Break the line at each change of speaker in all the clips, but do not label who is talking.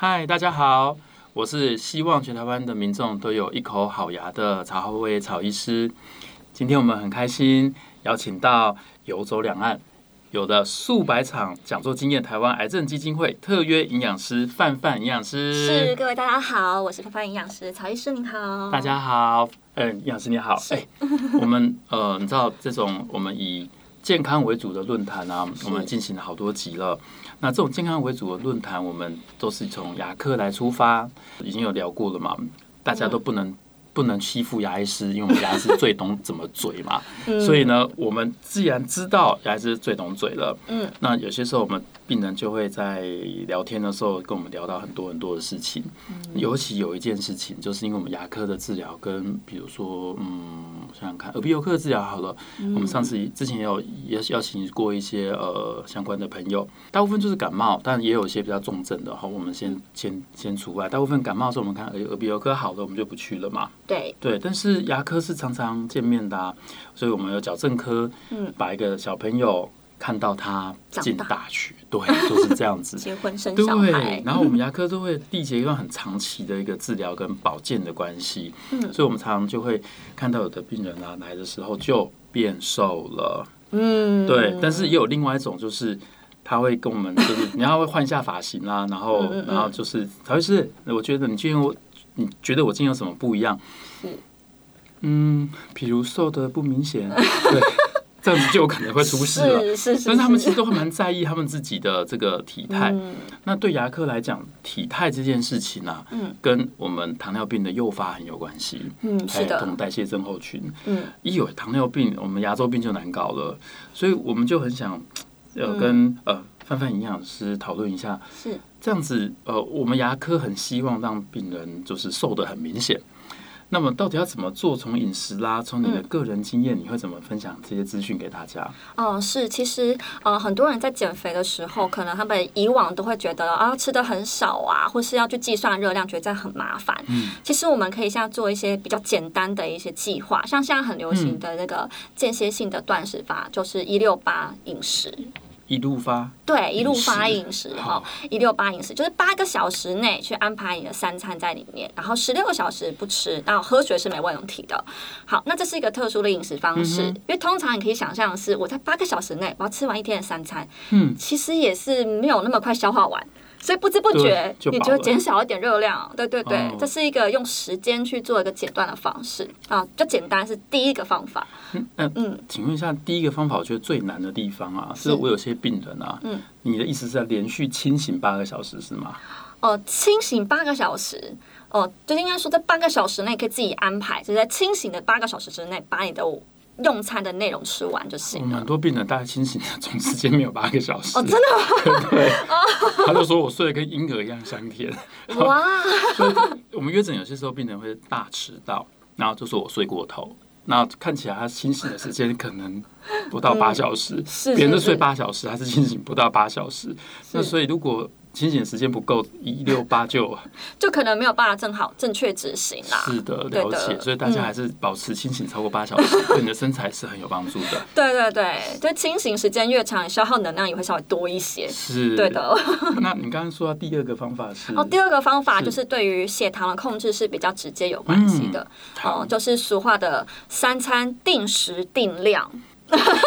嗨，大家好，我是希望全台灣的民眾都有一口好牙的曹厚偉曹醫師。今天我們很開心邀請到游走兩岸有的數百場講座經驗，台灣癌症基金會特約營養師范范營養師。是，
各位大家好，我是范范營養師，曹醫師您好。大家
好，嗯、呃，營養師你好。欸、 我們呃，你知道這種我們以健康為主的論壇呢，我們進行了好多集了。那這種健康為主的論壇，我們都是從牙科來出發，已經有聊過了嘛，大家都不能。Yeah. 不能欺負牙醫師，因為我們牙醫師最懂怎麼嘴嘛。 嗯、所以呢，我們既然知道牙醫師最懂嘴了，嗯，那有些時候我們病人就會在聊天的時候跟我們聊到很多很多的事情。嗯、尤其有一件事情，就是因為我們牙科的治療跟比如說，嗯，想想看，耳鼻喉科的治療好了。嗯、我們上次之前有邀邀請過一些呃相關的朋友，大部分就是感冒，但也有一些比較重症的。好，我們先先先，先除外。大部分感冒的時候，我們看、欸、耳鼻喉科好了，我們就不去了嘛。對，對，但是牙科是常常見面的啊，所以我們有矯正科，嗯，把一個小朋友看到他進大學，長大，對，就是這樣子 結婚生小孩，對 然後我們牙科都會締結一段很長期的一個治療跟保健的關係，嗯，所以我們常常就會看到有的病人啊來的時候就變瘦了，嗯，對，但是也有另外一種就是他會跟我們，就是 你要會換一下髮型啦，啊，然後嗯嗯然後就是，還是我覺得你今天我你覺得我今天有什麼不一樣？嗯，比如瘦得不明顯， 對，這樣子就有可能會出事了。但是他們其實都還蠻在意他們自己的這個體態，嗯。那對牙科來講，體態這件事情呢，啊，嗯，跟我們糖尿病的誘發很有關係。嗯，是的，還有代謝症候群。嗯，一有糖尿病，我們牙周病就難搞了。所以我們就很想要跟，嗯，呃范范營養師討論一下。這樣子，呃，我們牙科很希望讓病人就是瘦得很明顯。那麼，到底要怎麼做？從飲食啦，從你的個人經驗，你會怎麼分享這些資訊給大家？
哦，是，其實，呃，很多人在減肥的時候，可能他們以往都會覺得啊，吃的很少啊，或是要去計算熱量，覺得這樣很麻煩。嗯，其實我們可以現在做一些比較簡單的一些計劃，像現在很流行的那個間歇性的斷食法，就是一六八飲食。
一路發，
對，一路發飲食哈，一六八飲食就是八個小時內去安排你的三餐在裡面，然後十六個小時不吃，然後喝水是沒問題的。好，那這是一個特殊的飲食方式，嗯，因為通常你可以想象的是我在八個小時內我要吃完一天的三餐，嗯，其實也是沒有那麼快消化完。所以不知不覺，就你就減少一點熱量，對對對，哦，這是一個用時間去做一個簡單的方式啊，就簡單是第一個方法。嗯
嗯，請問一下，第一個方法我覺得最難的地方啊，是我有些病人啊，嗯、你的意思是在連續清醒八個小時是嗎？
哦，清醒八個小時，哦，就是應該說在八個小時內可以自己安排，就是，在清醒的八個小時之內把你的。用餐的內容吃完就行。
很多病人，大概清醒總時間沒有八個小時
哦，真的嗎？對，
他就說我睡得跟嬰兒一樣香甜。哇！所以我們約診有些時候病人會大遲到，然後就說我睡過頭。那看起來他清醒的時間可能不到八小時，嗯，別人睡八小時還是清醒不到八小時。那所以如果清醒時間不夠，一六八就
就可能沒有辦法正好正確執行啦、啊。是
的，了解、對的，所以大家還是保持清醒超過八小時，對、嗯、你的身材是很有幫助的。
對對對，就清醒時間越長，消耗能量也會稍微多一些。是，對的。
那你剛剛說到，第二個方法
是？ 哦，第二個方法就是對於血糖的控制是比較直接有關係的。嗯、哦，就是俗話的三餐定時定量。哈哈，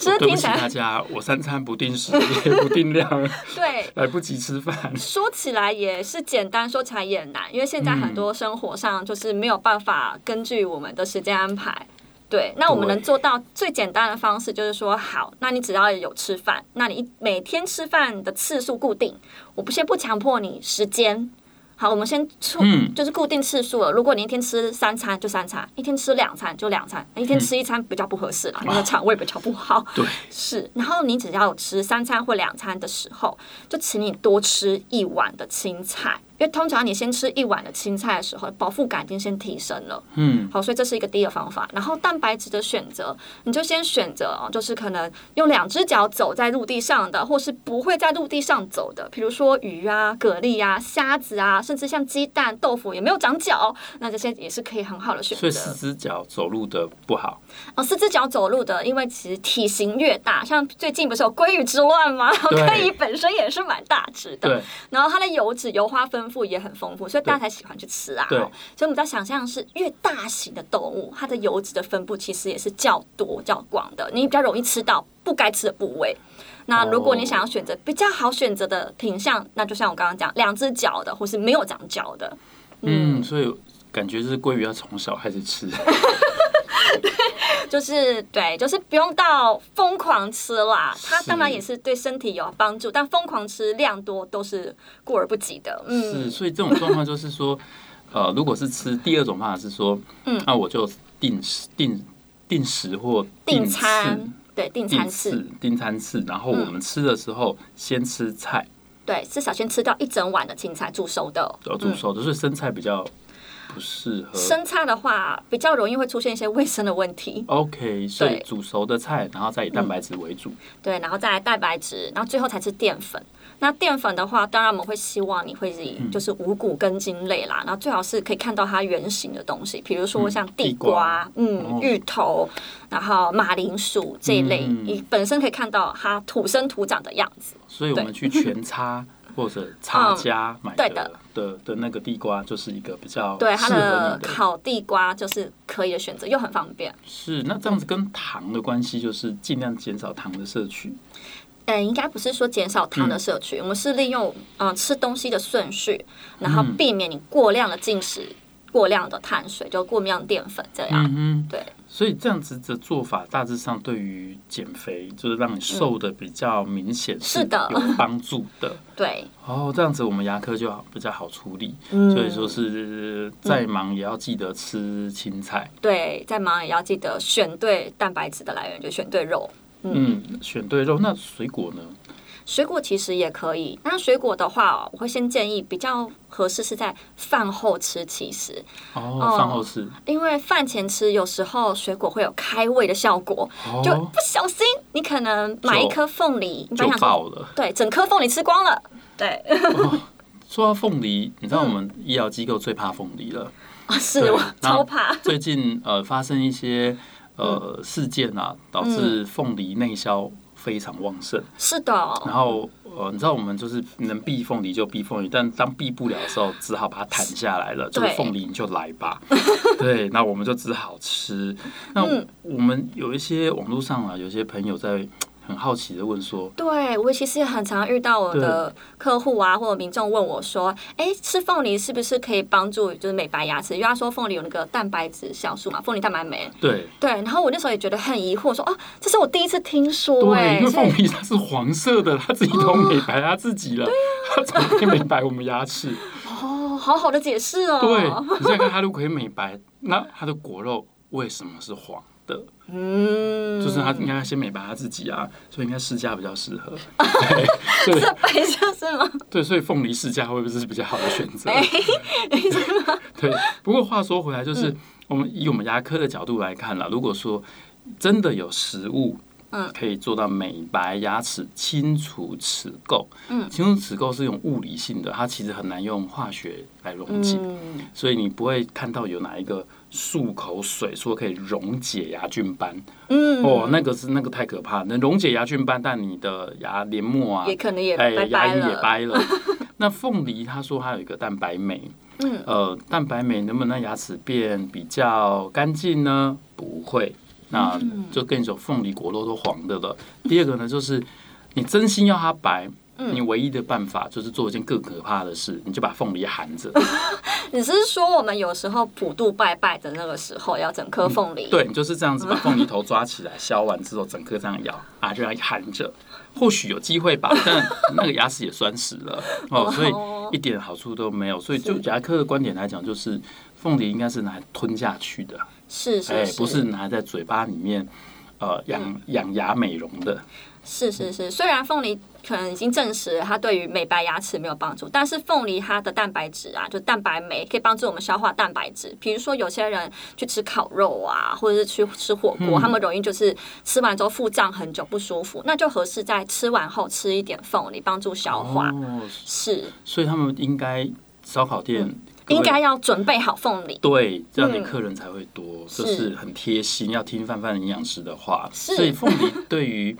對不起大
家， 我三餐不定時、也不定量，
對，來
不及吃飯。
說起來也是簡單，說起來也難，因為現在很多生活上就是沒有辦法根據我們的時間安排、嗯。對，那我們能做到最簡單的方式就是說，好，那你只要有吃飯，那你每天吃飯的次數固定，我不先不強迫你時間。好，我們先出、嗯、就是固定次數了。如果你一天吃三餐，就三餐；一天吃兩餐，就兩餐；一天吃一餐比較不合適，你、嗯、的腸胃比較不好、哦。對，是。然後你只要吃三餐或兩餐的時候，就請你多吃一碗的青菜。因為通常你先吃一碗的青菜的時候，飽腹感已經先提升了。嗯，好，所以這是一個第一個方法。然後蛋白質的選擇，你就先選擇哦，就是可能用兩只腳走在陸地上的，或是不會在陸地上走的，比如說魚啊、蛤蜊啊、蝦子啊，甚至像雞蛋、豆腐也沒有長腳，那這些也是可以很好的選擇。所以四
只腳走路的不好？
哦，四只腳走路的，因為其實體型越大，像最近不是有鮭魚之亂嗎？鮭魚 本身也是蠻大只的對，然後它的油脂、油花分。豐富也很豐富，所以大家才喜歡去吃啊。對，所以我們在想象是越大型的動物，它的油脂的分布其實也是較多、較廣的，你比較容易吃到不該吃的部位。那如果你想要選擇比較好選擇的品相，哦，那就像我剛剛講，兩只腳的或是沒有長腳的
嗯。嗯，所以感覺是鮭魚要從小開始吃。
就是對，就是不用到瘋狂吃啦。它當然也是對身體有幫助，但瘋狂吃量多都是過而不及的、嗯。是，
所以這種狀況就是說， 呃，如果是吃第二種方法是說，嗯，那、啊、我就定時、定定時或定，定餐，
對，定餐次、
定餐次。然後我們吃的時候先，嗯、吃時候先吃菜，
對，至少先吃掉一整碗的青菜，煮熟的，要煮
熟的、嗯，所以生菜比較，不適合生
菜的話，比較容易會出現一些衛生的問題。
OK，對，所以煮熟的菜，然後再以蛋白質為主、嗯。
對，然後再來蛋白質，然後最後才是澱粉。那澱粉的話，當然我們會希望你會以就是五谷根莖類啦、嗯，然後最好是可以看到它原型的東西，比如說像地瓜、嗯、地瓜、嗯、芋頭，哦、然後馬鈴薯這一類，你、嗯、本身可以看到它土生土長的樣子。
所以我們去全擦。 或者廠家買的、嗯、對的的，的，的那個地瓜，就是一個比較適合你的烤
地瓜，就是可以的選擇，又很方便。
是那這樣子跟糖的關係，就是盡量減少糖的攝
取。嗯，應該不是說減少糖的攝取、嗯，我們是利用嗯吃東西的順序，
然後避
免你過量的進食，過量的碳水，就過量澱粉這樣。嗯，對。
所以這樣子的做法，大致上對於減肥，就是讓你瘦的比較明顯，是的，有幫助的。對，哦，這樣子我們牙科就好比較好處理。所以說，是再忙也要記得吃青菜。
對，再忙也要記得選對蛋白質的來源，就選對肉。嗯，
選對肉，那水果呢？
水果其實也可以，但水果的話、哦，我會先建議比較合適是在飯後吃。其實
哦，飯後吃，嗯、
因為飯前吃有時候水果會有開胃的效果，哦，就不小心你可能買一顆鳳梨，就你把想就爆了，對，整顆鳳梨吃光了。對，
哦，說到鳳梨， 你知道我們醫療機構最怕鳳梨了，
哦、是我超怕。
最近呃發生一些呃、嗯、事件啊，導致鳳梨內銷、嗯。非常旺盛，
是的。然
後，呃，你知道我們就是能避鳳梨就避鳳梨，但當避不了的時候，只好把它彈下來了。這個、是、鳳梨你就來吧， 對。那我們就只好吃。那我們有一些網絡上啊，有些朋友在。很好奇的問說，
對我其實也很常遇到我的客戶啊，或者民眾問我說，哎、欸，吃鳳梨是不是可以幫助就是美白牙齒？因為他說鳳梨有那個蛋白質酵素嘛，鳳梨蛋白酶。對對，然後我那時候也覺得很疑惑，說啊，這是我第一次聽說、欸對，因為鳳梨
它是黃色的，它自己都美白它自己了，哦對啊、 它怎麼可以美白我們牙齒？哦，
好好的解釋哦，對，你想看
它如果可以美白，那它的果肉為什麼是黃？的、
嗯，就是他應該
先美白他自己啊，所以應該試駕比較適合，對、
啊，對，
對，所以鳳梨試駕會不會是比較好的選擇、欸？對，不過話說回來，就是、嗯、我們以我們牙科的角度來看了，如果說真的有食物，嗯，可以做到美白牙齒、清除齒垢，嗯，清除齒垢是用物理性的，它其實很難用化學來溶解、嗯，所以你不會看到有哪一個。漱口水說可以溶解牙菌斑，
嗯，哦，那
個是那個太可怕了，能溶解牙菌斑，但你的牙黏膜啊，也可
能也掰了，哎，牙齦也掰了， 也掰
了。那鳳梨他說還有一個蛋白酶，
嗯，呃，
蛋白酶能不能讓牙齒變比較乾淨呢？不會，那就跟你說，鳳梨果肉都黃的了。第二個呢，就是你真心要它白。嗯、你唯一的辦法就是做一件更可怕的事，你就把鳳梨含着。
你是說我們有時候普渡拜拜的那個時候要整顆鳳梨？嗯，對，
你就是這樣子，把鳳梨頭抓起來 削完之後，整顆這樣咬啊，就這樣含着。或許有機會吧， 但那個牙齒也酸死了 哦，所以一點好處都沒有。所以就牙科的觀點來講，就是鳳梨應該是拿吞下去的，是，
是，是，哎，不是拿
在嘴巴裡面呃養養牙美容的。
是是是，雖然鳳梨可能已經證實了它對於美白牙齒沒有幫助，但是鳳梨它的蛋白質啊，就蛋白酶，可以幫助我們消化蛋白質。比如說有些人去吃烤肉啊，或者是去吃火鍋、嗯，他們容易就是吃完之後腹脹很久不舒服，那就合適在吃完後吃一點鳳梨幫助消
化。哦。是，所以他們應該燒烤店、嗯、應該
要準備好鳳梨，
對，這樣的客人才會多，嗯、就是很貼心。要聽范范營養師的話，所以鳳梨對於。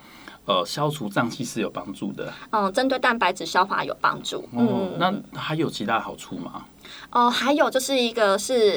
呃，消除脹氣是有幫助的。
嗯，針對蛋白質消化有幫助嗯。
嗯，那還有其他好處嗎？
哦、呃，還有就是一個是，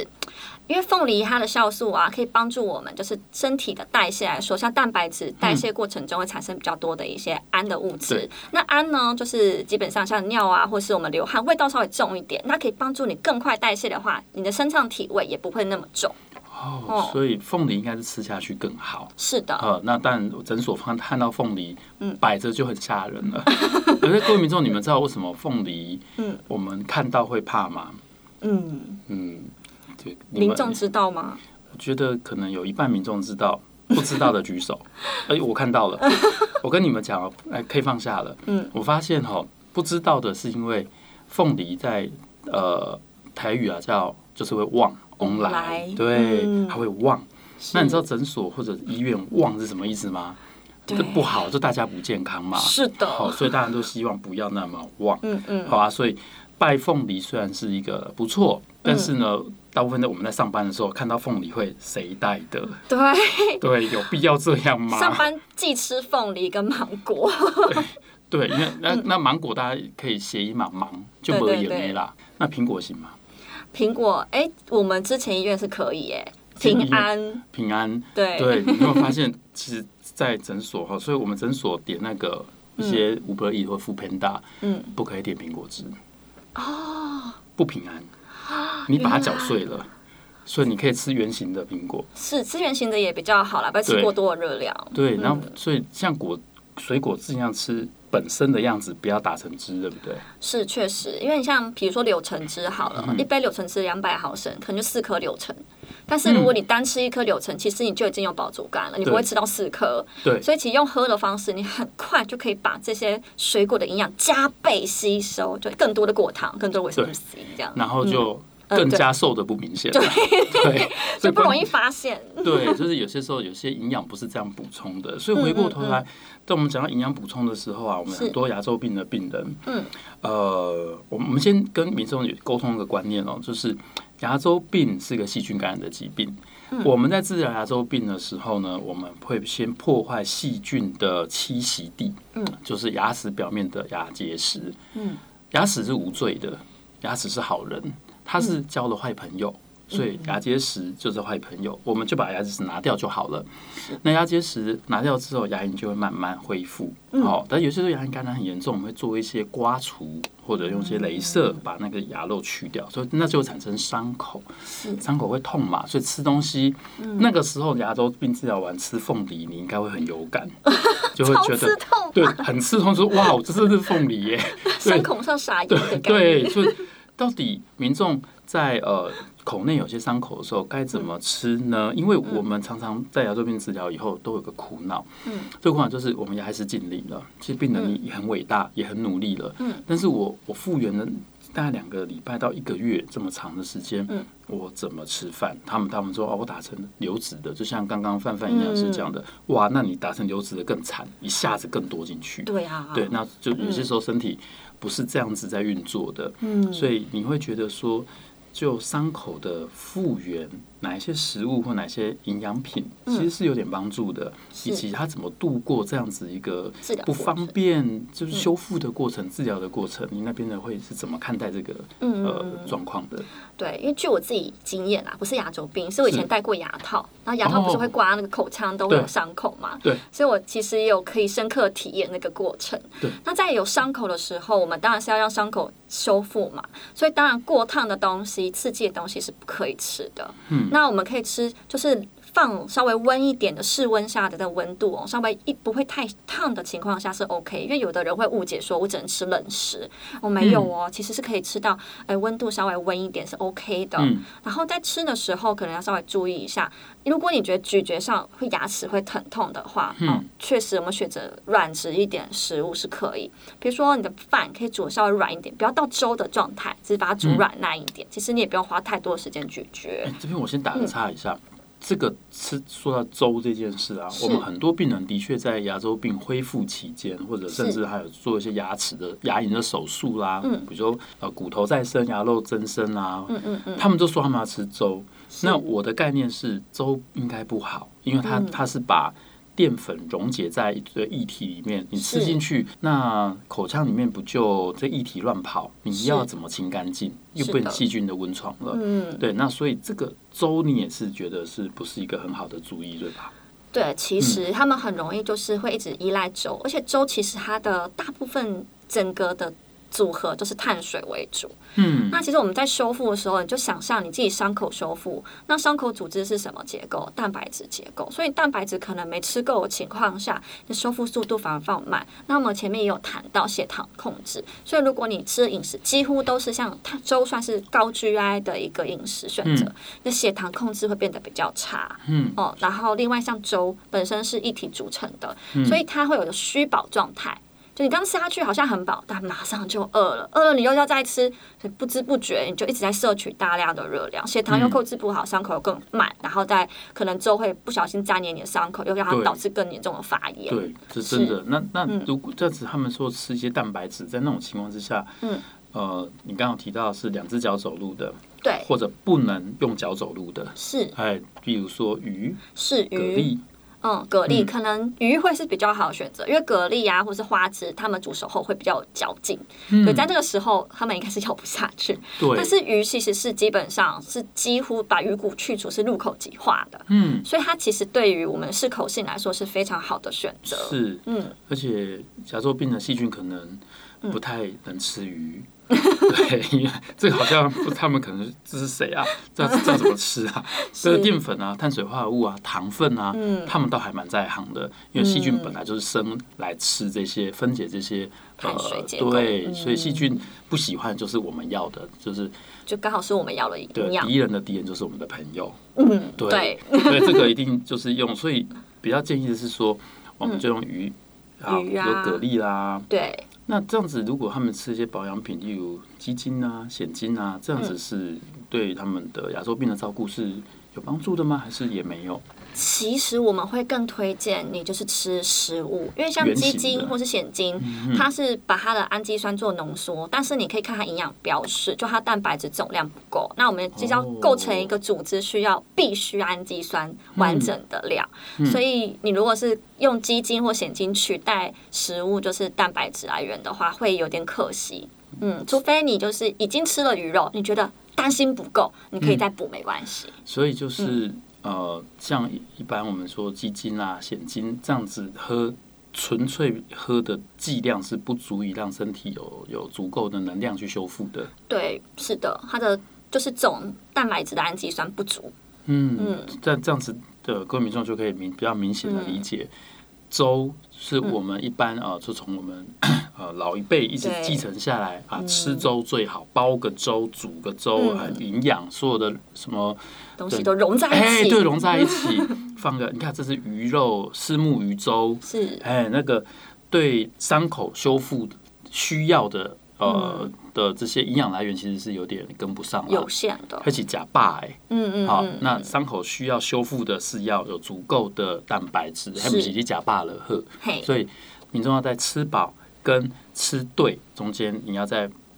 因為鳳梨它的酵素啊，可以幫助我們，就是身體的代謝來說，像蛋白質代謝過程中會產生比較多的一些氨的物質、嗯。那氨呢，就是基本上像尿啊，或是我們流汗，味道稍微重一點。那可以幫助你更快代謝的話，你的身上體味也不會那麼重。
Oh, 哦，所以鳳梨應該是吃下去更好。是的。呃、嗯、那但診所放看到鳳梨，擺、嗯、着就很嚇人了。可 是各位民眾，你們知道為什麼鳳梨，我們看到會怕嗎？嗯嗯，你們民眾
知道嗎？
我覺得可能有一半民眾知道、嗯，不知道的舉手。哎、 欸，我看到了， 我跟你們講哦，哎，可以放下了。嗯，我發現哦，不知道的是因為鳳梨在呃台語啊叫就是會旺。旺來，對，他、嗯、會旺。那你知道診所或者醫院旺是什麼意思嗎？這不好，就大家不健康嘛。是的，好、哦，所以大家都希望不要那麼旺。嗯嗯，好啊。所以拜鳳梨雖然是一個不錯、嗯，但是呢，嗯、大部分的我們在上班的時候看到鳳梨會誰帶的？
對對，
有必要這樣嗎？上班
既吃鳳梨跟芒果，
對，因為那、嗯、那芒果大家可以諧音嘛，芒就沒有 A 啦。對對對，那蘋果行嗎？
蘋果，哎、欸，我們之前醫院是可以哎、欸，平安
平安，對對，你會發現， 其實，在診所哈，所以我們診所點那個一些 Uber Eats 或 Foodpanda，嗯，不可以點蘋果汁哦、
嗯，不平安，哦、你把它攪碎
了，所以你可以吃原型的蘋果，
是吃原型的也比較好啦，不要吃過多的熱量，
對，然後所以像果水果汁一樣吃。本身的樣子不要打成汁，對不對？
是，確實，因為你像比如說柳橙汁好了，嗯、一杯柳橙汁兩百毫升，可能就四顆柳橙。但是如果你單吃一顆柳橙，嗯，其實你就已經有飽足感了，你不會吃到四顆。對，所以其實用喝的方式，你很快就可以把這些水果的營養加倍吸收，就更多的果糖，更多維生素 C 這樣。然後就。嗯更加瘦
的不明顯，啊嗯
對對對，對，所以不容易發現。對，就
是有些時候有些營養不是這樣補充的，所以回過頭來，當、嗯嗯、我們講到營養補充的時候啊，我們很多牙周病的病人，嗯，呃，我們先跟民眾溝通一個觀念哦，就是牙周病是一個細菌感染的疾病。嗯、我們在治療牙周病的時候呢，我們會先破壞細菌的棲息地。嗯，就是牙齒表面的牙結石。嗯，牙齒是無罪的，牙齒是好人。他是交了壞朋友、嗯，所以牙結石就是壞朋友、嗯，我們就把牙結石拿掉就好了。那牙結石拿掉之後，牙齦就會慢慢恢復、嗯哦。但有些時候牙齦感染很嚴重，我們會做一些刮除或者用一些雷射把那個牙肉去掉，嗯、所以那就產生傷口。傷、嗯、口會痛嘛？所以吃東西、嗯、那個時候牙周病治療完吃鳳梨，你應該會很有感，嗯、就會覺得痛，
對，很
刺痛，說哇，我這是鳳梨耶，傷口
上撒鹽的
到底民眾在呃口內有些傷口的時候該怎麼吃呢？因為我們常常在牙周病治療以後都有個苦惱，嗯，這個苦惱就是我們也還是盡力了，其實病人也很偉大，嗯，也很努力了，嗯，但是我我復原了大概兩個禮拜到一個月這麼長的時間，嗯，我怎麼吃飯？他們他們說哦，我打成流質的，就像剛剛范范一樣是這樣的，嗯，哇，那你打成流質的更慘，一下子更多進去，對啊，對，那就有些時候身體。嗯不是這樣子在運作的，嗯，所以你會覺得說，就傷口的復原。哪一些食物或哪些營養品其實是有點幫助的，嗯，以及他怎麼度過這樣子一個不方便治就是修復的過程，嗯，治療的過程，你那邊的會是怎麼看待這個，嗯，呃狀況的？
對，因為據我自己經驗啊，不是牙周病，是我以前戴過牙套，然後牙套不是會刮那個口腔都會有傷口嘛？對，所以我其實也有可以深刻體驗那個過程。對，那在有傷口的時候，我們當然是要讓傷口修復嘛，所以當然過燙的東西、刺激的東西是不可以吃的。嗯。那我們可以吃，就是，放稍微溫一點的室溫下的這個溫度哦，稍微一不會太燙的情況下是 OK，因為有的人會誤解說，我只能吃冷食，我、哦、沒有哦、嗯，其實是可以吃到，哎、呃，溫度稍微溫一點是 OK 的。嗯、然後在吃的時候，可能要稍微注意一下，如果你覺得咀嚼上會牙齒會疼痛的話，嗯，嗯確實我們選擇軟質一點食物是可以，比如說你的飯可以煮稍微軟一點，不要到粥的狀態，只是把它煮軟爛一點、嗯，其實你也不用花太多時間咀嚼。
這邊我先打個岔一下。嗯這個吃說到粥這件事啊，我們很多病人的確在牙周病恢復期間，或者甚至還有做一些牙齒的牙齦的手術啦、啊，嗯，比如說呃骨頭再生、牙肉增生啊，嗯嗯嗯他們都說他們要吃粥。那我的概念是粥應該不好，因為他他是把。澱粉溶解在這液體裡面，你吃進去，那口腔裡面不就這液體亂跑？你要怎麼清乾淨？又變成細菌的溫床了。嗯，對，那所以這個粥你也是覺得是不是一個很好的主意，對吧？
對，其實他們很容易就是會一直依賴粥，而且粥其實它的大部分整個的。組合就是碳水為主，嗯，那其實我們在修復的時候，你就想象你自己傷口修復，那傷口組織是什麼結構？蛋白質結構，所以蛋白質可能沒吃夠的情況下，你修復速度反而放慢。那我們前面也有談到血糖控制，所以如果你吃的飲食幾乎都是像碳粥，算是高 GI 的一個飲食選擇，嗯，那血糖控制會變得比較差，嗯，哦，然後另外像粥本身是液體組成的，嗯，所以它會有個虛飽狀態。所以你剛吃下去好像很飽，但馬上就餓了，餓了你又要再吃，所以不知不覺你就一直在攝取大量的熱量，血糖又控制不好，嗯、傷口又更慢，然後再可能就會不小心粘連你的傷口，又讓它導致更嚴重的發炎。對，
是真的。那那如果這次他們說吃一些蛋白質、嗯，在那種情況之下，嗯，呃，你剛剛提到的是兩隻腳走路的，對，或者不能用腳走路的，是，哎，比如說魚，
是魚。嗯，蛤蜊可能魚會是比較好的選擇。嗯，因為蛤蜊啊，或是花枝，它們煮熟後會比較有嚼勁。嗯，在這個時候，他們應該是咬不下去。對，但是魚其實是基本上是幾乎把魚骨去除，是入口即化的。嗯，所以它其實對於我們適口性來說是非常好的選擇。是，
嗯，而且甲殼類的細菌可能。嗯、不太能吃魚， 對，因為這個好像不他們可能這是誰啊？這這怎麼吃啊？這個澱粉啊，碳水化合物啊，糖分啊，嗯、他們倒還蠻在行的。因為細菌本來就是生來吃這些，分解這些、嗯、呃，對，所以細菌不喜歡，就是我們要的，就是
就剛好是我們要的一個敵
人的敵人就是我們的朋友。
嗯對，對，對，所以這個一
定就是用。所以比較建議的是說，我們就用魚、嗯、好魚啊，比如蛤蜊啦，對。那這樣子，如果他們吃一些保養品，例如雞精啊、蜆精啊，這樣子是對他們的牙周病的照顧是有幫助的嗎？還是也沒有？
其實我們會更推薦你就是吃食物，因為像雞精或是蜆精，它、嗯、是把它的氨基酸做濃縮，但是你可以看它營養標示，就它蛋白質總量不夠。那我們就是要構成一個組織需要必須氨基酸完整的量，哦嗯嗯，所以你如果是用雞精或蜆精取代食物，就是蛋白質來源的話，會有點可惜。嗯，除非你就是已經吃了魚肉，你覺得擔心不夠，你可以再補、嗯、沒關係。
所以就是、嗯。呃，像一般我們說雞精啊、蜆精這樣子喝，純粹喝的劑量是不足以讓身體有有足夠的能量去修復的。
對，是的，它的就是總蛋白質的氨基酸不足。
嗯嗯，在這樣子的各位民眾就可以明比較明顯的理解。嗯粥是我們一般啊，嗯、就從我們呃、啊、老一輩一直繼承下來、嗯、啊，吃粥最好，煲個粥、煮個粥，還有營養，所有的什麼東
西都融在一起，對，欸、對融在一起，
放個你看，這是魚肉絲木魚粥，是，哎、欸，那個對傷口修復需要的。呃的這些營養來源其實是有點跟不上了，有限的，而且假霸哎，嗯嗯，
好，
那傷口需要修復的是要有足夠的蛋白質，還不起你假霸了呵，所以民眾要在吃飽跟吃對中間，你要在。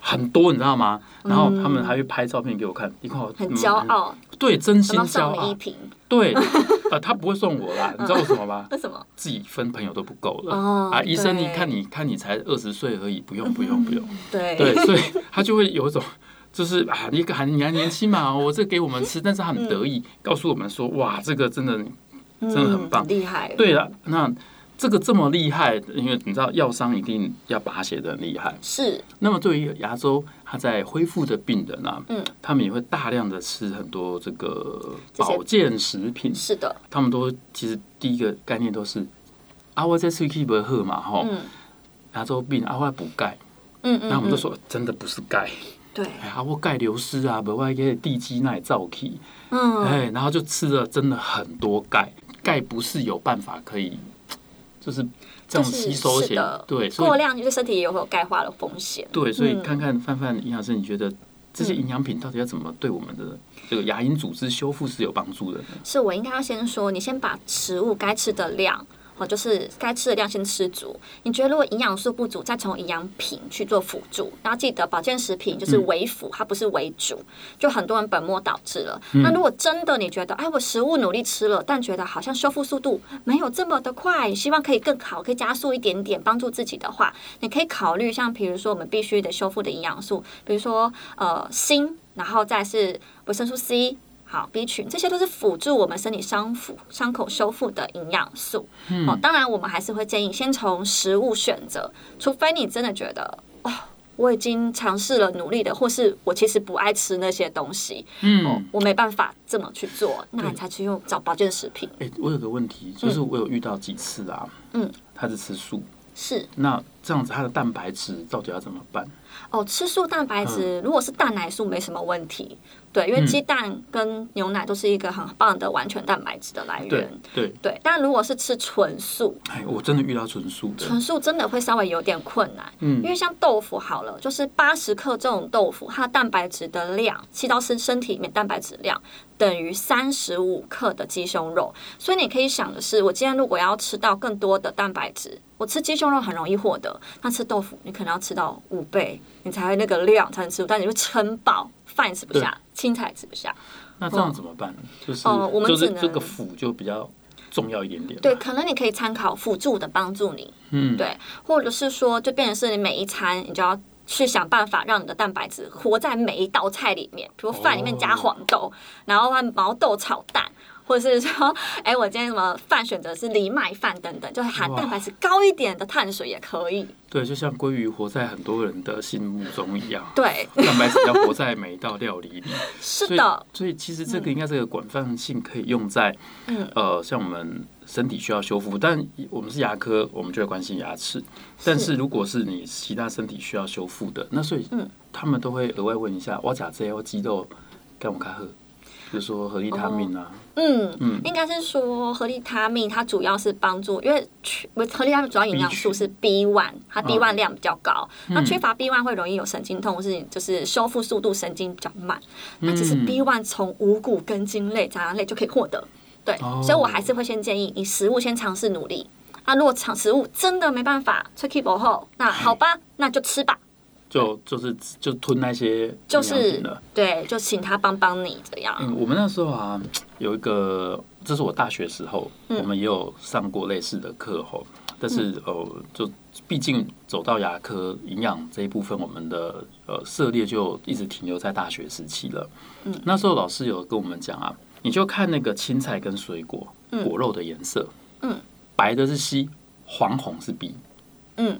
很多你知道嗎？嗯、然後他們還會拍照片給我看，你看我、嗯、很驕
傲、嗯，對，真心驕傲。一瓶、啊，
對， 啊，他不會送我啦，你知道為什麼嗎？為什麼？自己分朋友都不夠了、哦、啊！醫生，你看，你看，你才二十歲而已，不用，不用，不、嗯、
用。對對，所以
他就會有一種，就是啊，你還你還年輕嘛，我這給我們吃， 但是他很得意，告訴我們說，哇，這個真的真的很棒，嗯、很厲害。對了，那。這個這麼厲害，因為你知道藥商一定要拔血的很厲害。是。那麼對於牙周它在恢復的病人呢、啊，嗯，他們也會大量的吃很多這個保健食品。是的。他們都其實第一個概念都是，阿、啊、我再吃鈣片嘛吼，牙、嗯、周病阿、啊、我補鈣，嗯
嗯，嗯，然後我們就說
真的不是鈣，對，阿、哎、我鈣流失啊，不外給地基奶燥造起，
嗯，哎，
然後就吃了真的很多鈣，鈣不是有辦法可以。就是這種吸收型，對，過量
就是身體也有會有鈣化的風險。對，所以看
看范范營養師，你覺得這些營養品到底要怎麼對我們的這個牙齦組織修復是有幫助的？
是我應該要先說，你先把食物該吃的量。呃，就是該吃的量先吃足。你覺得如果營養素不足，再從營養品去做輔助，然後記得保健食品就是為輔，嗯，它不是為主。就很多人本末倒置了，嗯。那如果真的你覺得，哎，我食物努力吃了，但覺得好像修復速度沒有這麼的快，希望可以更好，可以加速一點點幫助自己的話，你可以考慮像比如說我們必須得修復的營養素，比如說呃鋅，然後再是維生素 C。好，B 群這些都是輔助我們身體傷復傷口修復的營養素。嗯、哦，當然我們還是會建議先從食物選擇，除非你真的覺得哦，我已經嘗試了努力的，或是我其實不愛吃那些東西，嗯，哦、我沒辦法這麼去做，那你才去用找保健食品。
哎、欸，我有個問題，就是我有遇到幾次啊，嗯，他是吃素，是那。這樣子，它的蛋白質到底要怎麼辦？
哦，吃素蛋白質、呃，如果是蛋奶素沒什麼問題，嗯、對，因為雞蛋跟牛奶都是一個很棒的完全蛋白質的來源。對對、對，但如果是吃純素，哎，
我真的遇到純素的，純素
真的會稍微有點困難。嗯，因為像豆腐好了，就是八十克這種豆腐，它的蛋白質的量其實到身體裡面蛋白質量等於三十五克的雞胸肉，所以你可以想的是，我今天如果要吃到更多的蛋白質，我吃雞胸肉很容易獲得。那吃豆腐，你可能要吃到五倍，你才那個量才能吃。但是你會撐飽，飯吃不下，青菜吃不下。那這樣怎
麼辦呢、哦？就是哦、嗯，我們只能、就是、這個輔就比較重要一點點。對，
可能你可以參考輔助的幫助你，嗯，對，或者是說，就變成是你每一餐，你就要去想辦法讓你的蛋白質活在每一道菜裡面，比如飯裡面加黃豆，哦、然後還毛豆炒蛋。或者是說，哎、欸，我今天什麼飯選擇是藜麥飯等等，就是含蛋白質高一點的碳水也可以。
對，就像鮭魚活在很多人的心目中一樣，
對，蛋白質要
活在每一道料理裡。 是的所，所以其實這個應該這個廣泛性，可以用在、嗯，呃，像我們身體需要修復，但我們是牙科，我們就會關心牙齒。但是如果是你其他身體需要修復的，那所以他們都會額外問一下：我假肌或肌肉，該怎麼喝？就
是說，合利他命啊、oh, 嗯，嗯，應該是說合利他命，它主要是幫助，因為缺不合利他命主要營養素是 B one，它 B one 量比較高，啊嗯、那缺乏 B one 會容易有神經痛，是就是修復速度神經比較慢。嗯、那其實 B one 從五谷根莖類、雜糧類就可以獲得，對、哦，所以我還是會先建議你食物先嘗試努力。那如果嘗食物真的沒辦法，tricky 不好，那好吧，那就吃吧。
就就是就吞那些的，就是
對，就請他幫幫你這樣。
嗯，我們那時候啊，有一個，這是我大學時候，嗯、我們也有上過類似的課後，但是哦、嗯呃，就畢竟走到牙科營養這一部分，我們的呃涉獵就一直停留在大學時期了。嗯，那時候老師有跟我們講啊，你就看那個青菜跟水果、嗯、果肉的顏色，嗯，白的是 C，黃紅是 B，嗯，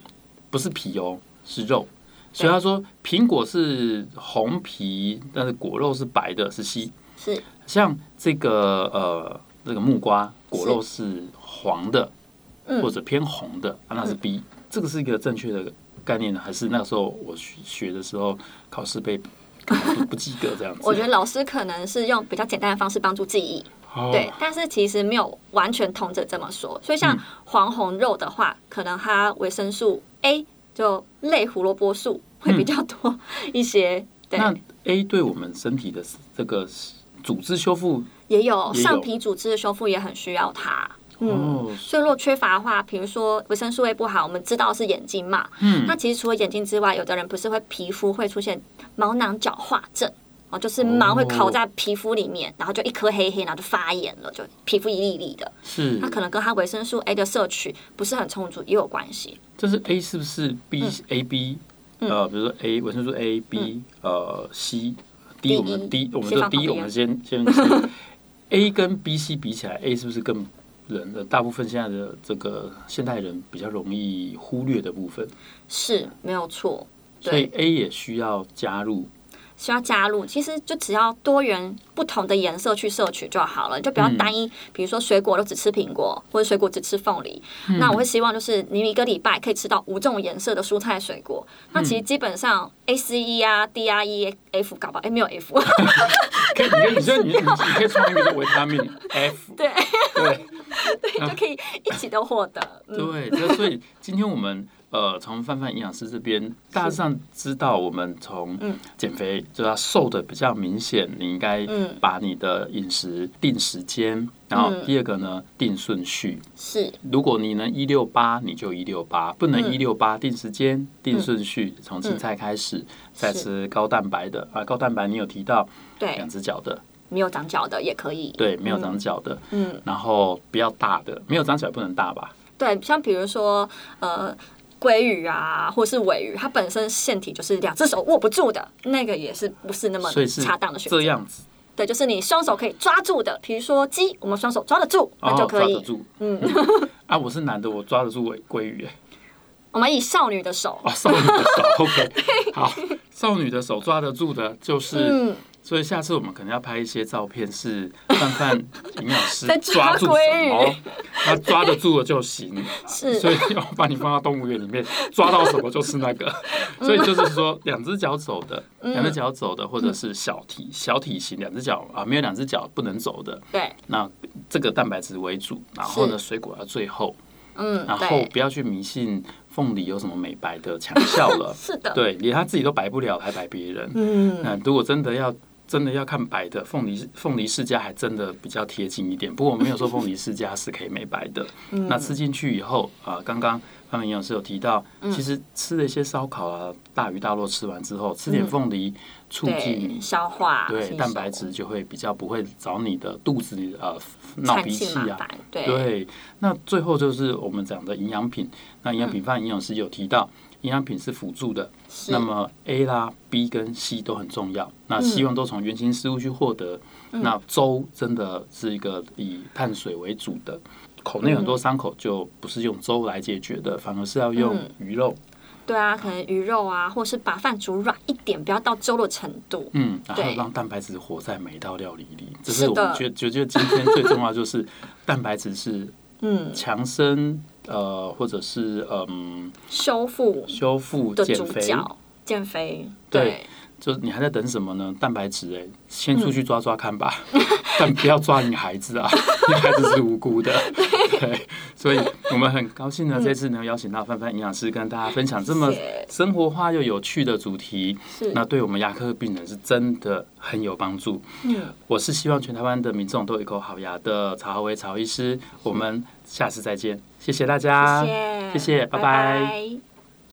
不是皮哦，是肉。所以他說，蘋果是紅皮，但是果肉是白的，是 C。是像這個呃，這個木瓜果肉是黃的是或者偏紅的，嗯啊，那是 B。這個是一個正確的概念還是那時候我學的時候考試被不及格這樣子？ 我覺得
老師可能是用比較簡單的方式幫助記憶，哦，對。但是其實沒有完全同者這麼說。所以像黃紅肉的話，嗯，可能它維生素 A。就類胡蘿蔔素會比較多、嗯、 一些，對，那
A 對我們身體的這個組織修復
也有，上皮組織的修復也很需要它，嗯、哦，所以若缺乏的話，比如說維生素 A 不好，我們知道是眼睛嘛，嗯，嗯，那其實除了眼睛之外，有的人不是會皮膚會出現毛囊角化症。哦，就是毛會烤在皮膚裡面、哦，然後就一顆黑黑，然後就發炎了，就皮膚一粒粒的。是，它可能跟它維生素 A 的攝取不是很充足也有關係。
就是 A 是不是 B、嗯、A B、嗯、B？呃，比如說 A 維生素 A B、嗯、B 呃 C。D 我們的 D，我們的 D，我們先先。 A 跟 B、C 比起來，A 是不是更人的？大部分現在的這個現代人比較容易忽略的部分
是沒有錯。所以 A
也需要加入。
需要加入，其實就只要多元不同的顏色去攝取就好了。就不要單一，嗯、比如說水果都只吃蘋果，或者水果只吃鳳梨、嗯。那我會希望就是你一個禮拜可以吃到五種顏色的蔬菜水果。嗯、那其實基本上 A、啊、C、E 啊，D、R、E、F，搞不好、欸、沒有 F 可。
可以，女生你你，你可以補一個維他命 F, F 對。
對。對、啊。對，就可以一起都獲得對、嗯。
對，所以今天我們。呃，從范范營養師這邊大致上知道，我們從減肥就要瘦得比較明顯、嗯，你應該把你的飲食定時間、嗯，然後第二個呢定順序。
是，
如果你能一六八，你就一六八，不能一六八定時間、嗯、定順序，從青菜開始，再吃高蛋白的、嗯、啊，高蛋白你有提到，對，兩只腳的
沒有長腳的也可以，對，沒有長腳的，嗯，
然後不要大的沒有長腳不能大吧？
對，像比如說呃。鮭魚啊，或是尾魚，它本身身體就是兩隻手握不住的，那個也是不是那麼恰當的選擇。是這樣子，對，就是你雙手可以抓住的，比如說雞，我們雙手抓得住，那就可以。哦、嗯，
嗯 啊，我是男的，我抓得住尾鮭魚。
我們以少女的手，哦、少女的手
，OK，好，少女的手抓得住的就是。嗯所以下次我們可能要拍一些照片，是范范營養師抓住什麼？他抓得住的就行。啊、所以我把你放到動物園裡面，抓到什麼就是那個。所以就是說，兩隻腳走的，兩隻腳走的，或者是小體小體型，兩隻腳啊，沒有兩隻腳不能走的。對。那這個蛋白質為主，然後呢，水果要最後。
嗯。然後
不要去迷信鳳梨有什麼美白的強效了。是的。對，連他自己都白不了，還白別人。嗯。那如果真的要。真的要看白的鳳梨，鳳梨釋迦還真的比較貼近一點。不過我沒有說鳳梨釋迦是可以美白的。 嗯、那吃進去以後啊，剛剛他們營養師有提到、嗯，其實吃了一些燒烤啊、大魚大肉吃完之後，嗯、吃點鳳梨促進
消化，對蛋白
質就會比較不會找你的肚子裡呃鬧脾氣啊對。對，那最後就是我們講的營養品。那營養品、嗯、方營養師有提到，營養品是輔助的。那麼 A 啦 B 跟 C 都很重要，嗯、那希望都從原型食物去獲得。嗯、那粥真的是一個以碳水為主的，嗯、口內很多傷口就不是用粥來解決的、嗯，反而是要用魚肉、嗯。
對啊，可能魚肉啊，或是把飯煮軟一點，不要到粥的程度。嗯，
然後讓蛋白質活在每一道料理裡，這是，是我們覺得 我覺得今天最重要就是蛋白質是
生嗯
強身。呃，或者是嗯，
修復修
復減肥、
減肥對，
對，就你還在等什麼呢？蛋白質哎、欸，先出去抓抓看吧，嗯、但不要抓女孩子啊，女 孩子是無辜的對。對，所以我們很高興呢。嗯、這次能邀請到范范營養師跟大家分享這麼生活化又有趣的主題，是那對我們牙科病人是真的很有幫助、嗯。我是希望全台灣的民眾都有一口好牙的曹維曹醫師，我們。下次再見，謝謝大家，謝謝，謝謝，拜拜，拜
拜。